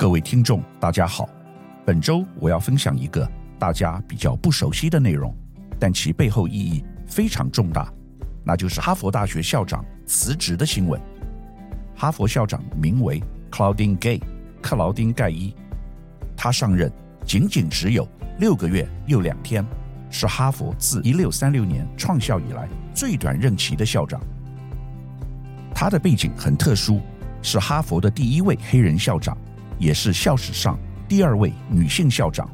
各位聽眾，大家好。本周我要分享一個大家比較不熟悉的內容，但其背後意義非常重大，那就是哈佛大學校長辭職的新聞。哈佛校長名為 Claudine Gay，克勞汀·蓋伊，他上任僅僅只有六個月又兩天，是哈佛自一六三六年創校以來最短任期的校長。他的背景很特殊，是哈佛的第一位黑人校長。也是校史上第二位女性校長。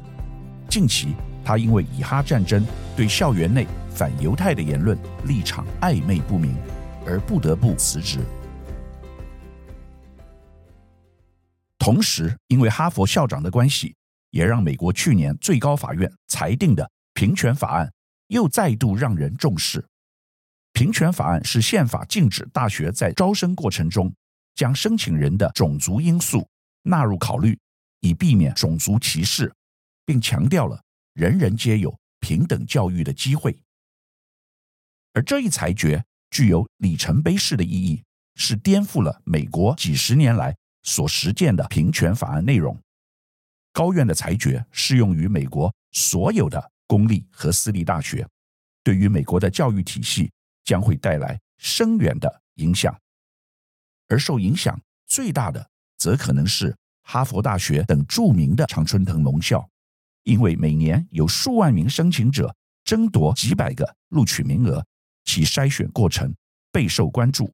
近期，她因為以哈戰爭對校園內反猶太的言論立場曖昧不明，而不得不辭職。同時，因為哈佛校長的關係，也讓美國去年最高法院裁定的平權法案又再度讓人重視。平權法案是憲法禁止大學在招生過程中將申請人的種族因素。納入考慮，以避免種族歧視，並強調了人人皆有平等教育的機會。而這一裁決具有里程碑式的意義，是顛覆了美國幾十年來所實踐的平權法案內容。高院的裁決適用於美國所有的公立和私立大學，對於美國的教育體系將會帶來深遠的影響。而受影響最大的。則可能是哈佛大學等著名的常春藤盟校，因為每年有數萬名申請者爭奪幾百個錄取名額，其篩選過程備受關注。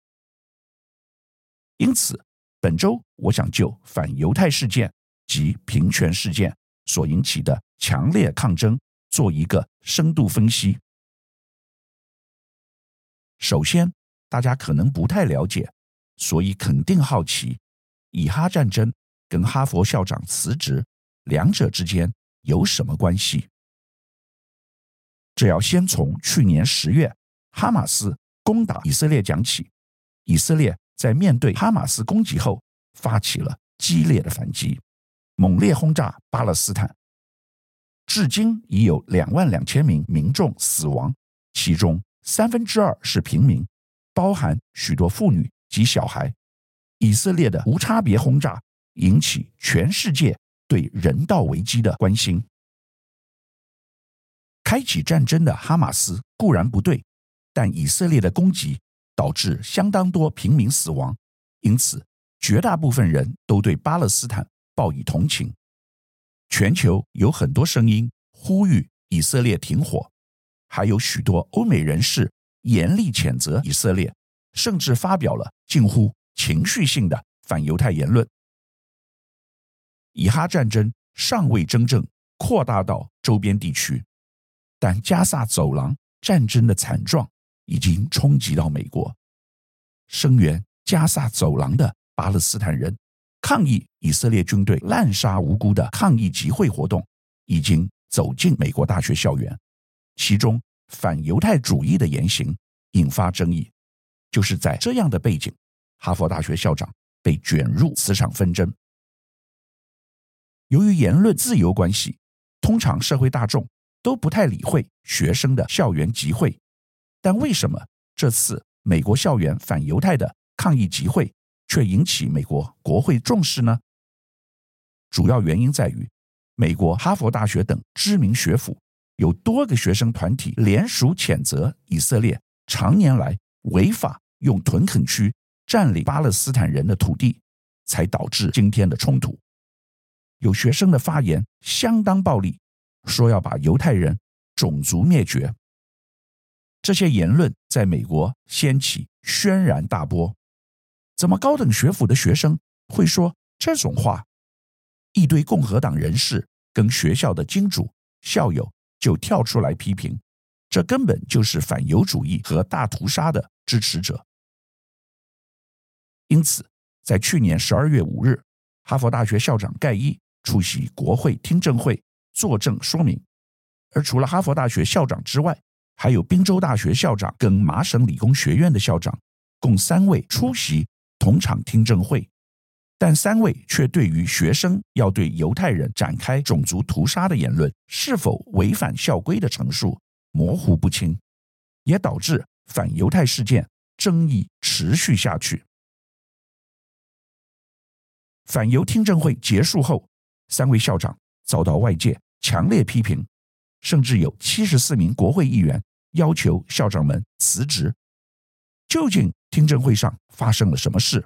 因此，本周我想就反猶太事件及平權事件所引起的強烈抗爭做一個深度分析。首先，大家可能不太了解，所以肯定好奇。以哈戰爭跟哈佛校長辭職兩者之間有什麼關係？這要先從去年十月哈馬斯攻打以色列講起，以色列在面對哈馬斯攻擊後發起了激烈的反擊，猛烈轟炸巴勒斯坦，至今已有兩萬兩千名民眾死亡，其中三分之二是平民，包含許多婦女及小孩。以色列的無差別轟炸引起全世界對人道危機的關心。開啟戰爭的哈馬斯固然不對，但以色列的攻擊導致相當多平民死亡，因此絕大部分人都對巴勒斯坦報以同情。全球有很多聲音呼籲以色列停火，還有許多歐美人士嚴厲譴責以色列，甚至發表了近乎情緒性的反猶太言論。以哈戰爭尚未真正擴大到周邊地區，但加薩走廊戰爭的慘狀已經衝擊到美國。聲援加薩走廊的巴勒斯坦人抗議以色列軍隊濫殺無辜的抗議集會活動已經走進美國大學校園，其中反猶太主義的言行引發爭議，就是在這樣的背景。哈佛大學校長被捲入此場紛爭，由於言論自由關係，通常社會大眾都不太理會學生的校園集會，但為什麼這次美國校園反猶太的抗議集會卻引起美國國會重視呢？主要原因在於，美國哈佛大學等知名學府有多個學生團體聯署譴責以色列，常年來違法用屯墾區，佔領巴勒斯坦人的土地，才導致今天的衝突。有學生的發言相當暴力，說要把猶太人種族滅絕。這些言論在美國掀起軒然大波。怎麼高等學府的學生會說這種話？一堆共和黨人士跟學校的金主校友就跳出來批評，這根本就是反猶主義和大屠殺的支持者。因此，在去年十二月五日，哈佛大學校長蓋伊出席國會聽證會作證說明。而除了哈佛大學校長之外，還有賓州大學校長跟麻省理工學院的校長，共三位出席同場聽證會。但三位卻對於學生要對猶太人展開種族屠殺的言論是否違反校規的陳述模糊不清，也導致反猶太事件爭議持續下去。反猶聽證會結束後，三位校長遭到外界強烈批評，甚至有七十四名國會議員要求校長們辭職。究竟聽證會上發生了什麼事？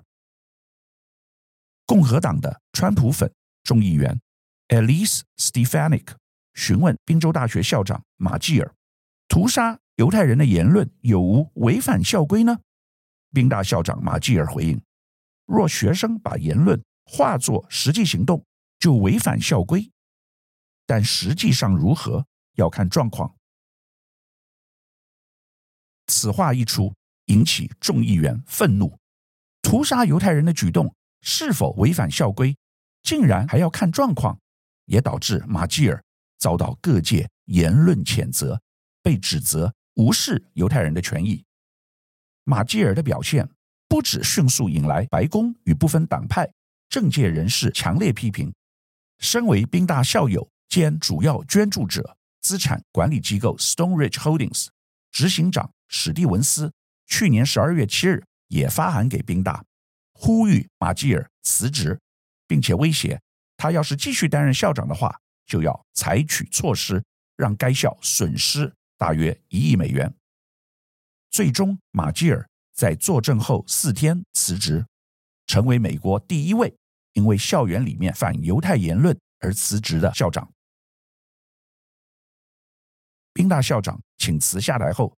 共和黨的川普粉眾議員 Elise Stefanik 詢問賓州大學校長馬基爾：“屠殺猶太人的言論有無違反校規呢？”賓大校長馬基爾回應：“若學生把言論……”化作實際行動就違反校規，但實際上如何要看狀況。此話一出，引起眾議員憤怒。屠殺猶太人的舉動是否違反校規，竟然還要看狀況，也導致馬基爾遭到各界言論譴責，被指責無視猶太人的權益。馬基爾的表現不止迅速引來白宮與部分黨派。政界人士強烈批評，身為賓大校友兼主要捐助者、資產管理機構 Stone Ridge Holdings 執行長史蒂文斯，去年十二月七日也發函給賓大，呼籲馬吉爾辭職，並且威脅他要是繼續擔任校長的話，就要採取措施讓該校損失大約一億美元。最終，馬吉爾在作證後四天辭職，成為美國第一位。因為校園裡面反猶太言論而辭職的校長，賓大校長請辭下來後，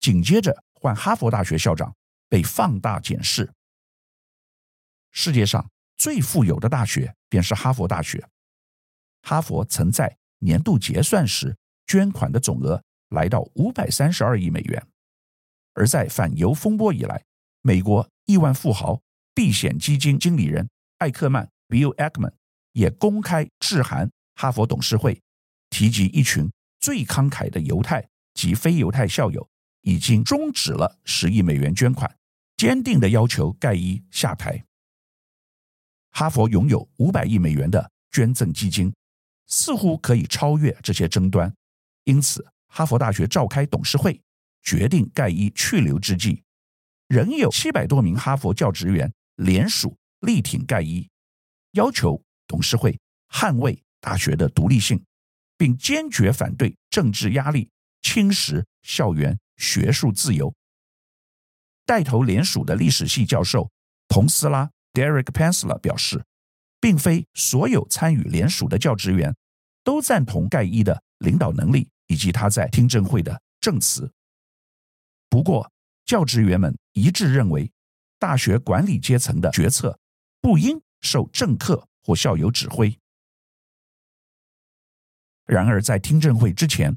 緊接着換哈佛大學校長被放大檢視。世界上最富有的大學便是哈佛大學，哈佛曾在年度結算時捐款的總額來到五百三十二億美元，而在反猶風波以來，美國億萬富豪避險基金經理人。艾克曼 （Bill Ackman） 也公開致函哈佛董事會，提及一群最慷慨的猶太及非猶太校友已經終止了十億美元捐款，堅定地要求蓋伊下台。哈佛擁有五百億美元的捐贈基金，似乎可以超越這些爭端。因此，哈佛大學召開董事會，決定蓋伊去留之際，仍有七百多名哈佛教職員聯署。力挺蓋伊，要求董事會捍衛大學的獨立性，並堅決反對政治壓力侵蝕校園學術自由。帶頭聯署的歷史系教授彭斯拉 （Derek p e n s l e r 表示，並非所有參與聯署的教職員都贊同蓋伊的領導能力以及他在聽證會的證詞。不過，教職員們一致認為，大學管理階層的決策，不應受政客或校友指揮。然而，在聽證會之前，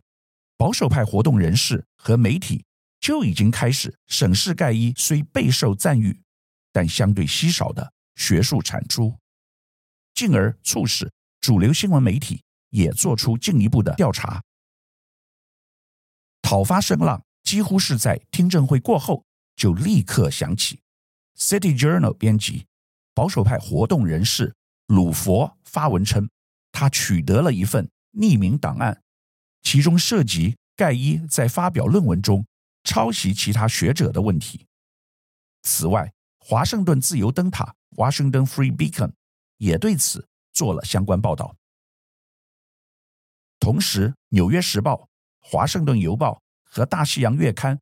保守派活動人士和媒體就已經開始審視蓋伊雖備受讚譽，但相對稀少的學術產出，進而促使主流新聞媒體也做出進一步的調查。討伐聲浪幾乎是在聽證會過後就立刻響起，《City Journal》編輯。保守派活動人士魯佛發文稱，他取得了一份匿名檔案，其中涉及蓋伊在發表論文中抄襲其他學者的問題。此外，華盛頓自由燈塔 （Washington Free Beacon） 也對此做了相關報道。同時，《紐約時報》、《華盛頓郵報》和《大西洋月刊》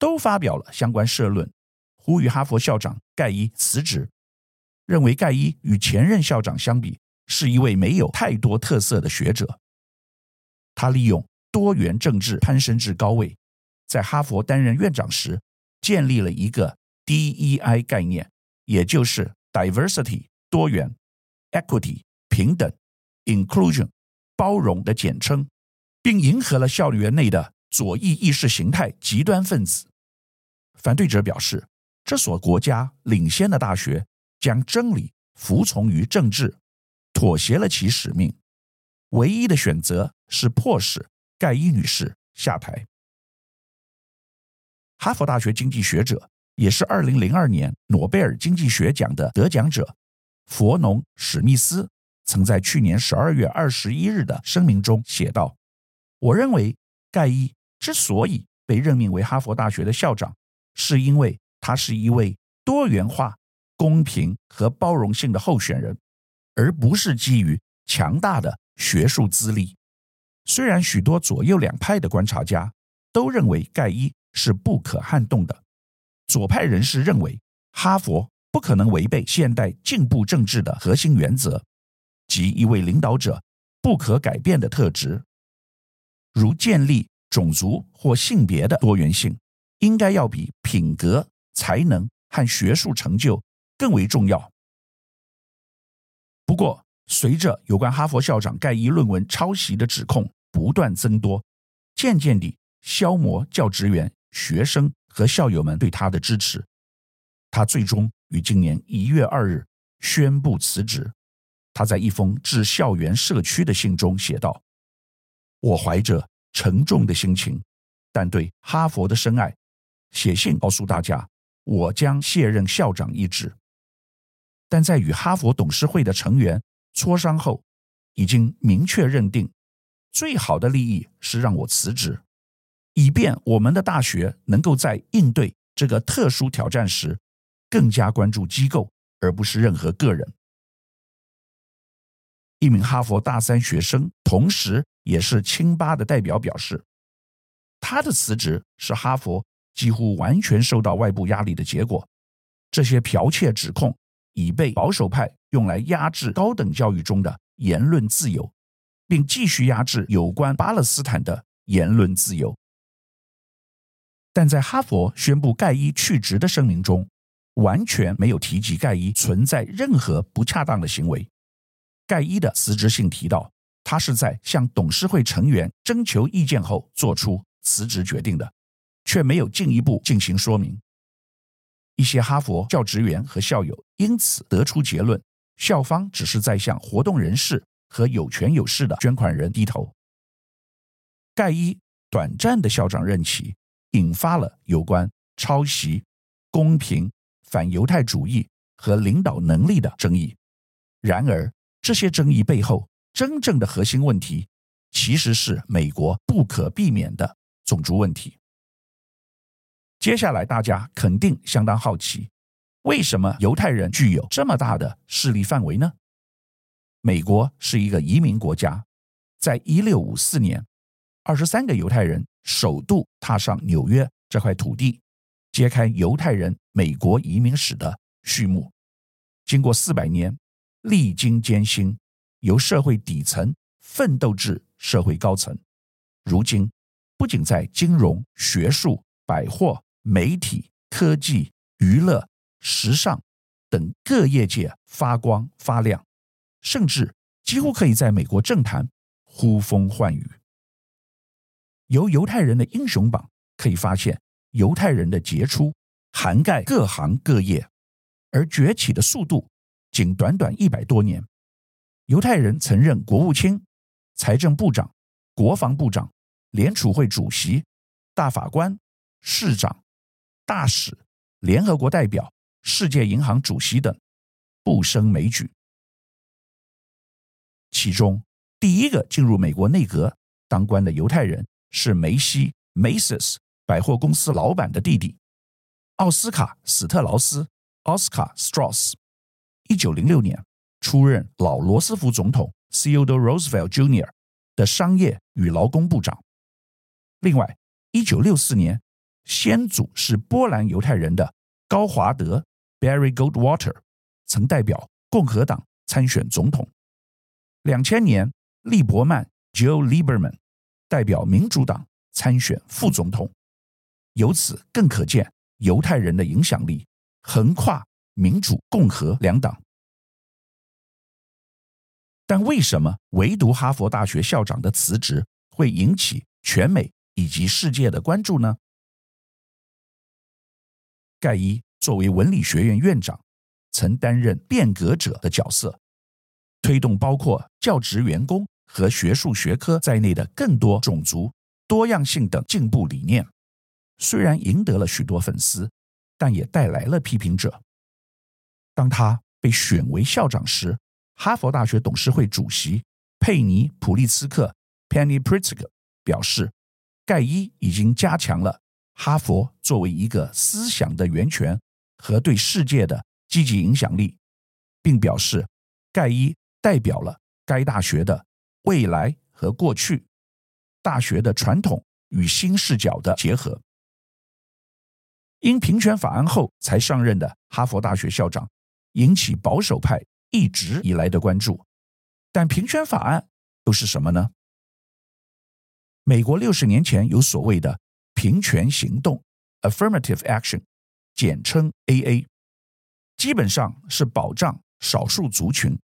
都發表了相關社論，呼籲哈佛校長蓋伊辭職。認為蓋伊與前任校長相比，是一位沒有太多特色的學者。他利用多元政治攀升至高位，在哈佛擔任院長時，建立了一個 DEI 概念，也就是 Diversity（ 多元）、Equity（ 平等）、Inclusion（ 包容）的簡稱，並迎合了校園內的左翼意識形態極端分子。反對者表示，這所國家領先的大學。將真理服從於政治，妥協了其使命。唯一的選擇是迫使蓋伊女士下台。哈佛大學經濟學者，也是二零零二年諾貝爾經濟學獎的得獎者，弗農史密斯，曾在去年十二月二十一日的聲明中寫道：“我認為蓋伊之所以被任命為哈佛大學的校長，是因為他是一位多元化。”公平和包容性的候選人，而不是基於強大的學術資歷。雖然許多左右兩派的觀察家都認為蓋伊是不可撼動的，左派人士認為哈佛不可能違背現代進步政治的核心原則，即一位領導者不可改變的特質，如建立種族或性別的多元性，應該要比品格、才能和學術成就更為重要。不過，隨着有關哈佛校長蓋伊論文抄襲的指控不斷增多，漸漸地消磨教職員、學生和校友們對他的支持。他最終於今年一月二日宣布辭職。他在一封致校園社區的信中寫道：“我懷着沉重的心情，但對哈佛的深愛，寫信告訴大家，我將卸任校長一職。”但在與哈佛董事會的成員磋商後，已經明確認定，最好的利益是讓我辭職，以便我們的大學能夠在應對這個特殊挑戰時，更加關注機構而不是任何個人。一名哈佛大三學生，同時也是清吧的代表表示，他的辭職是哈佛幾乎完全受到外部壓力的結果，這些剽竊指控。已被保守派用來壓制高等教育中的言論自由，並繼續壓制有關巴勒斯坦的言論自由。但在哈佛宣布蓋伊去職的聲明中，完全沒有提及蓋伊存在任何不恰當的行為。蓋伊的辭職信提到，他是在向董事會成員徵求意見後做出辭職決定的，卻沒有進一步進行說明。一些哈佛教職員和校友。因此得出結論，校方只是在向活動人士和有權有勢的捐款人低頭。蓋伊短暫的校長任期引發了有關抄襲、公平、反猶太主義和領導能力的爭議。然而，這些爭議背後真正的核心問題，其實是美國不可避免的種族問題。接下來，大家肯定相當好奇。為什麼猶太人具有這麼大的勢力範圍呢？美國是一個移民國家，在一六五四年，二十三個猶太人首度踏上紐約這塊土地，揭開猶太人美國移民史的序幕。經過四百年，歷經艱辛，由社會底層奮鬥至社會高層，如今不僅在金融、學術、百貨、媒體、科技、娛樂，時尚等各業界發光發亮，甚至幾乎可以在美國政壇呼風喚雨。由猶太人的英雄榜可以發現，猶太人的傑出涵蓋各行各業，而崛起的速度僅短短一百多年。猶太人曾任國務卿、財政部長、國防部長、聯儲會主席、大法官、市長、大使、聯合國代表。世界銀行主席等不勝枚舉。其中，第一個進入美國內閣當官的猶太人是梅西 m a c y s 百貨公司老闆的弟弟奧斯卡·斯特勞斯 o s 卡 a r Strauss）。一九零六年，出任老羅斯福總統 （Theodore Roosevelt Jr.） 的商業與勞工部長。另外，一九六四年，先祖是波蘭猶太人的高華德，Barry Goldwater 曾代表共和黨參選總統。兩千年，利伯曼 Joe Lieberman 代表民主黨參選副總統。由此更可見猶太人的影響力橫跨民主、共和兩黨。但為什麼唯獨哈佛大學校長的辭職會引起全美以及世界的關注呢？蓋伊。作為文理學院院長，曾擔任變革者的角色，推動包括教職員工和學術學科在內的更多種族多樣性等進步理念。雖然贏得了許多粉絲，但也帶來了批評者。當他被選為校長時，哈佛大學董事會主席佩尼普利茨克 （Penny Pritzker） 表示，蓋伊已經加強了哈佛作為一個思想的源泉，和對世界的積極影響力，並表示蓋伊代表了該大學的未來和過去，大學的傳統與新視角的結合。因平權法案後才上任的哈佛大學校長引起保守派一直以來的關注，但平權法案又是什麼呢？美國六十年前有所謂的平權行動 （affirmative action）。簡稱 AA，基本上是保障少數族群，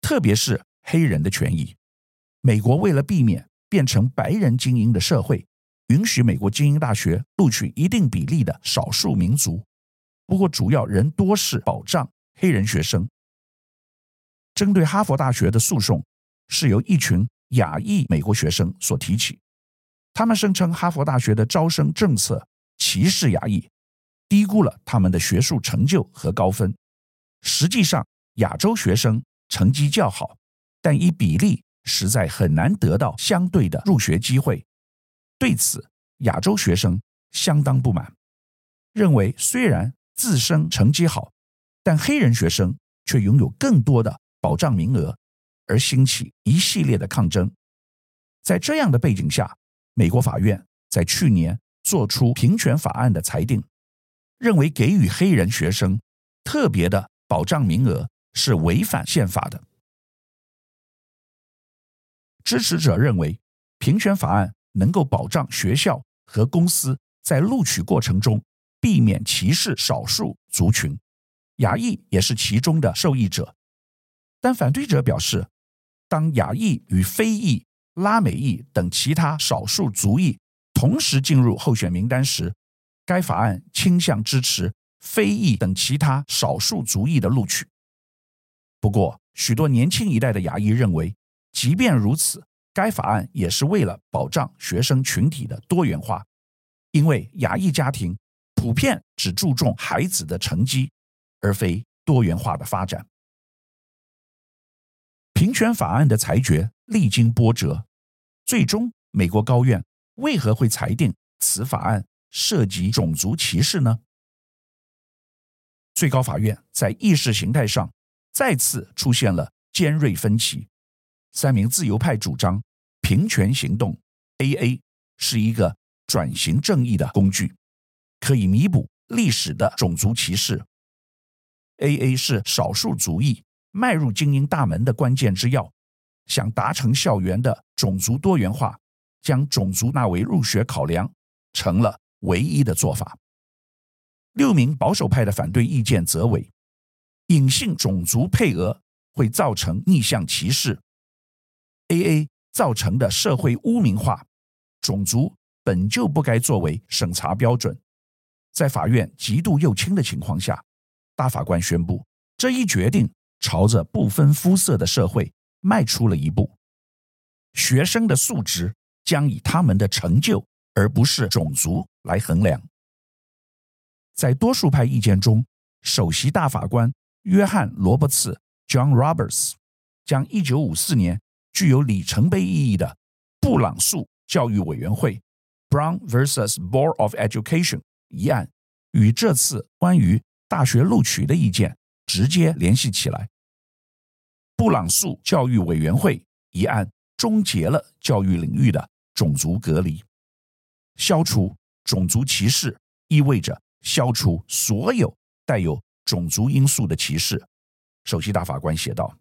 特別是黑人的權益。美國為了避免變成白人精英的社會，允許美國精英大學錄取一定比例的少數民族，不過主要人多是保障黑人學生。針對哈佛大學的訴訟是由一群亞裔美國學生所提起，他們聲稱哈佛大學的招生政策歧視亞裔。低估了他們的學術成就和高分。實際上，亞洲學生成績較好，但依比例實在很難得到相對的入學機會。對此，亞洲學生相當不滿，認為雖然自身成績好，但黑人學生卻擁有更多的保障名額，而興起一系列的抗爭。在這樣的背景下，美國法院在去年做出平權法案的裁定。認為給予黑人學生特別的保障名額是違反憲法的。支持者認為，平權法案能夠保障學校和公司在錄取過程中避免歧視少數族群，亞裔也是其中的受益者。但反對者表示，當亞裔與非裔、拉美裔等其他少數族裔同時進入候選名單時，該法案傾向支持非裔等其他少數族裔的錄取，不過許多年輕一代的亞裔認為，即便如此，該法案也是為了保障學生群體的多元化，因為亞裔家庭普遍只注重孩子的成績，而非多元化的發展。平權法案的裁決歷經波折，最終美國高院為何會裁定此法案？涉及種族歧視呢？最高法院在意識形態上再次出現了尖銳分歧。三名自由派主張平權行動 （AA） 是一個轉型正義的工具，可以彌補歷史的種族歧視。AA 是少數族裔邁入精英大門的關鍵之鑰，想達成校園的種族多元化，將種族納為入學考量，成了唯一的做法。六名保守派的反對意見則為：隱性種族配額會造成逆向歧視，AA 造成的社會污名化，種族本就不該作為審查標準。在法院極度右傾的情況下，大法官宣佈，這一決定朝着不分膚色的社會邁出了一步。學生的素質將以他們的成就。而不是種族來衡量。在多數派意見中，首席大法官約翰·羅伯茨 （John Roberts） 將1954年具有里程碑意義的布朗訴教育委員會 （Brown versus Board of Education） 一案與這次關於大學錄取的意見直接聯繫起來。布朗訴教育委員會一案終結了教育領域的種族隔離。消除種族歧視意味着消除所有帶有種族因素的歧視。首席大法官寫道。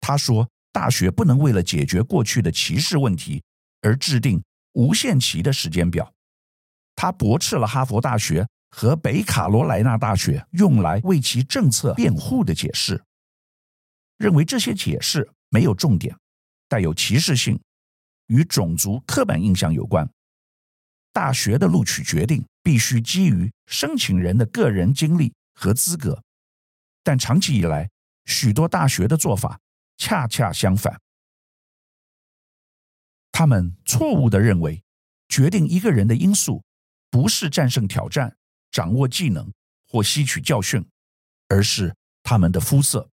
他說，大學不能為了解決過去的歧視問題而制定無限期的時間表。他駁斥了哈佛大學和北卡羅來納大學用來為其政策辯護的解釋，認為這些解釋沒有重點，帶有歧視性。與種族刻板印象有關，大學的錄取決定必須基於申請人的個人經歷和資格，但長期以來，許多大學的做法恰恰相反。他們錯誤地認為，決定一個人的因素不是戰勝挑戰、掌握技能或吸取教訓，而是他們的膚色。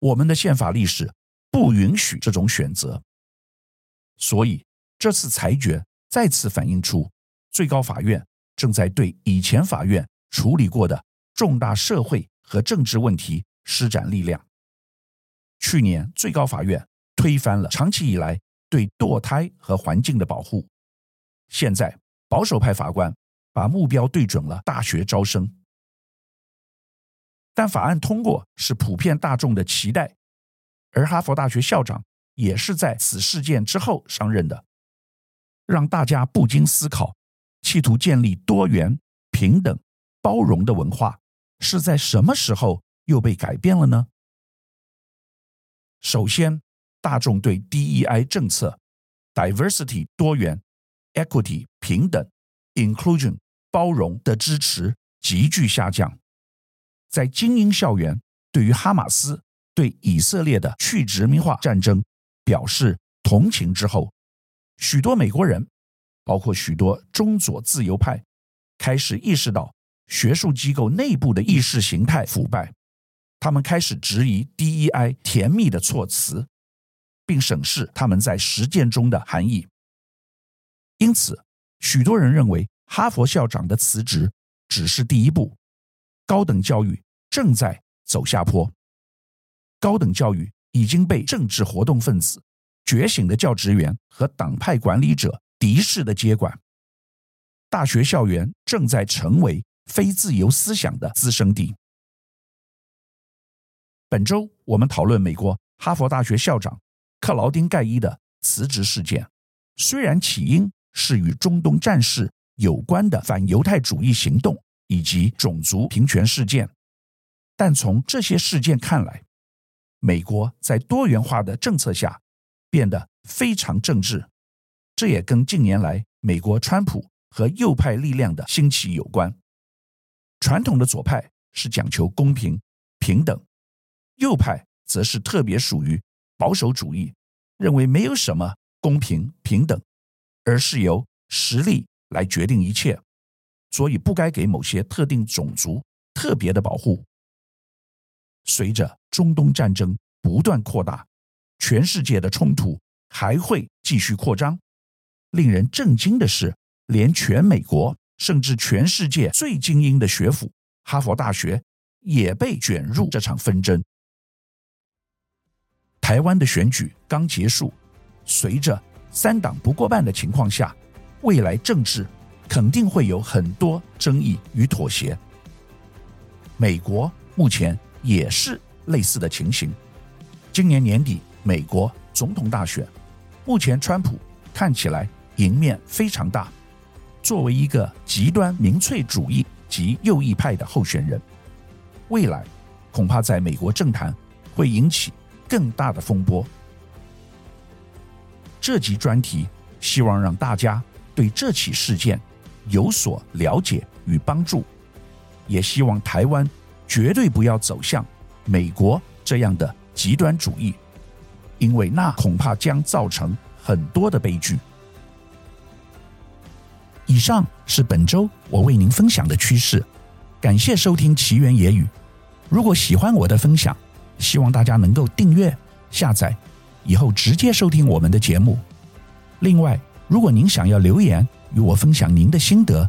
我們的憲法歷史不允許這種選擇。所以，這次裁決再次反映出最高法院正在對以前法院處理過的重大社會和政治問題施展力量。去年，最高法院推翻了長期以來對墮胎和環境的保護。現在，保守派法官把目標對準了大學招生。但法案通過是普遍大眾的期待，而哈佛大學校長。也是在此事件之後上任的，讓大家不禁思考：企圖建立多元、平等、包容的文化，是在什麼時候又被改變了呢？首先，大眾對 DEI 政策 （diversity 多元、equity 平等、inclusion 包容）的支持急劇下降。在精英校園，對於哈馬斯對以色列的去殖民化戰爭，表示同情之後，許多美國人，包括許多中左自由派，開始意識到學術機構內部的意識形態腐敗。他們開始質疑 DEI 甜蜜的措辭，並審視他們在實踐中的含義。因此，許多人認為哈佛校長的辭職只是第一步。高等教育正在走下坡。高等教育。已經被政治活動分子、覺醒的教職員和黨派管理者敵視的接管，大學校園正在成為非自由思想的滋生地。本週我們討論美國哈佛大學校長克勞丁蓋伊的辭職事件，雖然起因是與中東戰事有關的反猶太主義行動以及種族平權事件，但從這些事件看來。美國在多元化的政策下變得非常政治，這也跟近年來美國川普和右派力量的興起有關。傳統的左派是講求公平平等，右派則是特別屬於保守主義，認為沒有什麼公平平等，而是由實力來決定一切，所以不該給某些特定種族特別的保護。隨着中東戰爭不斷擴大，全世界的衝突還會繼續擴張。令人震驚的是，連全美國甚至全世界最精英的學府——哈佛大學，也被捲入這場紛爭。台灣的選舉剛結束，隨着三黨不過半的情況下，未來政治肯定會有很多爭議與妥協。美國目前。也是類似的情形。今年年底美國總統大選，目前川普看起來贏面非常大。作為一個極端民粹主義及右翼派的候選人，未來恐怕在美國政壇會引起更大的風波。這集專題希望讓大家對這起事件有所了解與幫助，也希望台灣。絕對不要走向美國這樣的極端主義，因為那恐怕將造成很多的悲劇。以上是本周我為您分享的趨勢，感謝收聽奇緣野語。如果喜歡我的分享，希望大家能夠訂閱、下載，以後直接收聽我們的節目。另外，如果您想要留言與我分享您的心得。